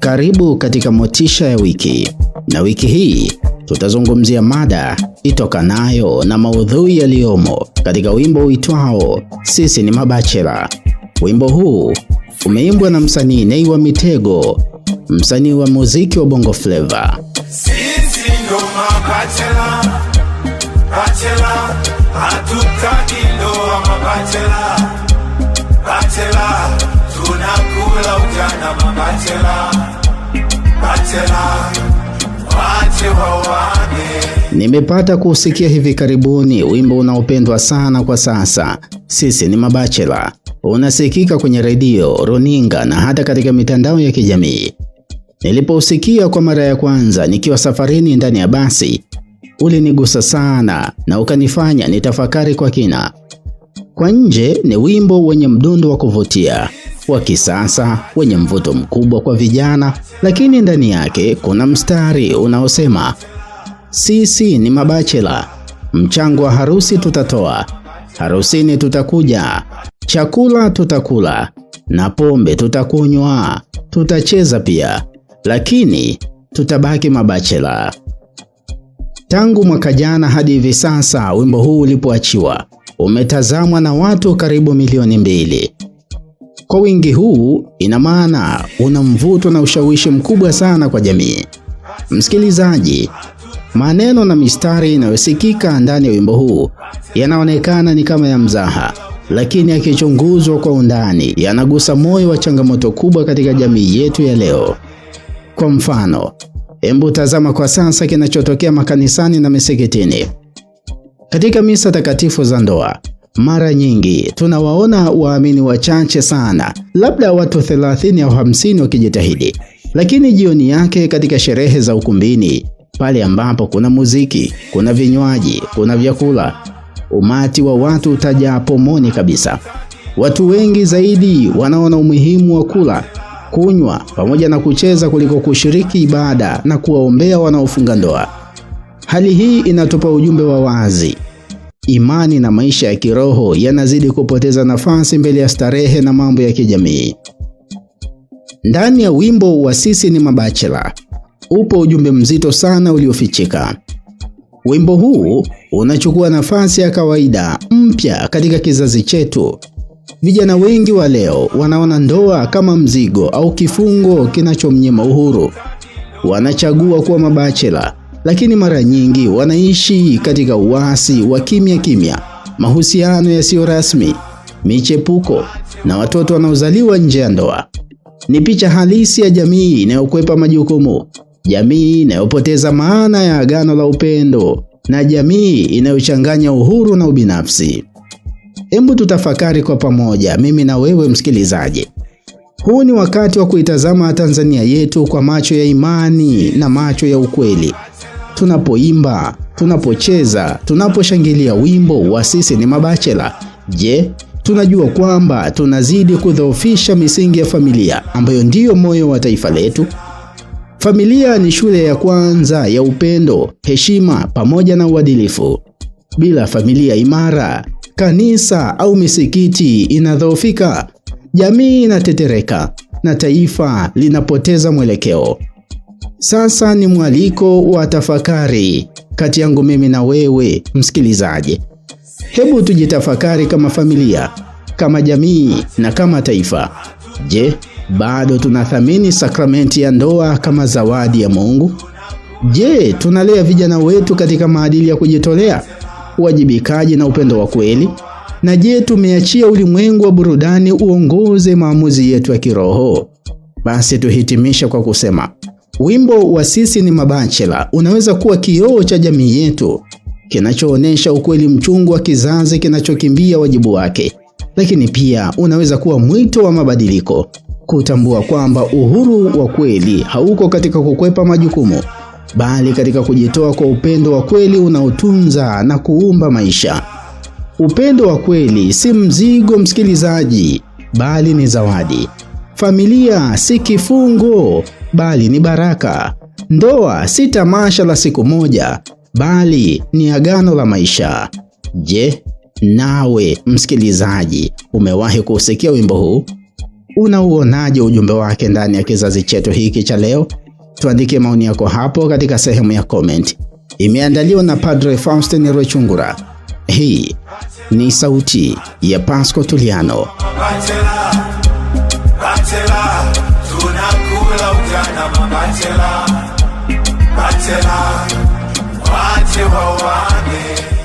Karibu katika motisha ya wiki, na wiki hii tutazungumzia mada itokanayo na maudhui yaliyomo katika wimbo uitwao sisi ni mabachela. Wimbo huu umeimbwa na msanii Nay wa Mitego, msanii wa muziki wa Bongo Flava. Sisi ndo mabachela, bachela, hatutaki ndoa mabachela, bachela tunakula ujana mabachela bachela Nimepata kuusikia hivi karibuni wimbo unaopendwa sana kwa sasa, sisi ni mabachela. Unasikika kwenye redio, runinga na hata katika mitandao ya kijamii. Nilipousikia kwa mara ya kwanza nikiwa safarini ndani ya basi, ulinigusa sana na ukanifanya nitafakari kwa kina. Kwa nje ni wimbo wenye mdundo wa kuvutia, wa kisasa wenye mvuto mkubwa kwa vijana, lakini ndani yake kuna mstari unaosema sisi ni mabachela, mchango wa harusi tutatoa, harusini tutakuja, chakula tutakula na pombe tutakunywa, tutacheza pia, lakini tutabaki mabachela. Tangu mwaka jana hadi hivi sasa, wimbo huu ulipoachiwa umetazamwa na watu karibu milioni mbili kwa wingi huu, ina maana una mvuto na ushawishi mkubwa sana kwa jamii. Msikilizaji, maneno na mistari inayosikika ndani ya wimbo huu yanaonekana ni kama ya mzaha, lakini yakichunguzwa kwa undani yanagusa moyo wa changamoto kubwa katika jamii yetu ya leo. Kwa mfano, hebu tazama kwa sasa kinachotokea makanisani na misikitini. Katika misa takatifu za ndoa, mara nyingi tunawaona waamini wachache sana, labda watu 30 au 50 wakijitahidi, lakini jioni yake katika sherehe za ukumbini, pale ambapo kuna muziki, kuna vinywaji, kuna vyakula, umati wa watu utajaa pomoni kabisa. Watu wengi zaidi wanaona umuhimu wa kula, kunywa pamoja na kucheza kuliko kushiriki ibada na kuwaombea wanaofunga ndoa. Hali hii inatupa ujumbe wa wazi imani na maisha ya kiroho yanazidi kupoteza nafasi mbele ya starehe na mambo ya kijamii. Ndani ya wimbo wa Sisi ni Mabachela upo ujumbe mzito sana uliofichika. Wimbo huu unachukua nafasi ya kawaida mpya katika kizazi chetu. Vijana wengi wa leo wanaona ndoa kama mzigo au kifungo kinachomnyima uhuru. Wanachagua kuwa mabachela lakini mara nyingi wanaishi katika uasi wa kimya kimya, mahusiano yasiyo rasmi, michepuko na watoto wanaozaliwa nje ya ndoa. Ni picha halisi ya jamii inayokwepa majukumu, jamii inayopoteza maana ya agano la upendo na jamii inayochanganya uhuru na ubinafsi. Hebu tutafakari kwa pamoja, mimi na wewe msikilizaji. Huu ni wakati wa kuitazama Tanzania yetu kwa macho ya imani na macho ya ukweli, tunapoimba, tunapocheza, tunaposhangilia wimbo wa sisi ni mabachela? Je, tunajua kwamba tunazidi kudhoofisha misingi ya familia ambayo ndiyo moyo wa taifa letu? Familia ni shule ya kwanza ya upendo, heshima pamoja na uadilifu. Bila familia imara, kanisa au misikiti inadhoofika, jamii inatetereka na taifa linapoteza mwelekeo. Sasa ni mwaliko wa tafakari kati yangu mimi na wewe msikilizaji. Hebu tujitafakari kama familia, kama jamii na kama taifa. Je, bado tunathamini sakramenti ya ndoa kama zawadi ya Mungu? Je, tunalea vijana wetu katika maadili ya kujitolea, uwajibikaji na upendo wa kweli? Na je, tumeachia ulimwengu wa burudani uongoze maamuzi yetu ya kiroho? Basi tuhitimisha kwa kusema Wimbo wa sisi ni mabachela unaweza kuwa kioo cha jamii yetu kinachoonesha ukweli mchungu wa kizazi kinachokimbia wajibu wake, lakini pia unaweza kuwa mwito wa mabadiliko, kutambua kwamba uhuru wa kweli hauko katika kukwepa majukumu, bali katika kujitoa kwa upendo wa kweli unaotunza na kuumba maisha. Upendo wa kweli si mzigo, msikilizaji, bali ni zawadi. Familia si kifungo, bali ni baraka. Ndoa si tamasha la siku moja, bali ni agano la maisha. Je, nawe msikilizaji, umewahi kusikia wimbo huu? Unauonaje ujumbe wake ndani ya kizazi chetu hiki cha leo? Tuandike maoni yako hapo katika sehemu ya comment. Imeandaliwa na Padre Faustin Rwechungura. Hii ni sauti ya Pasco Tuliano. I'm bachelor, bachelor. batshela bathe ba wane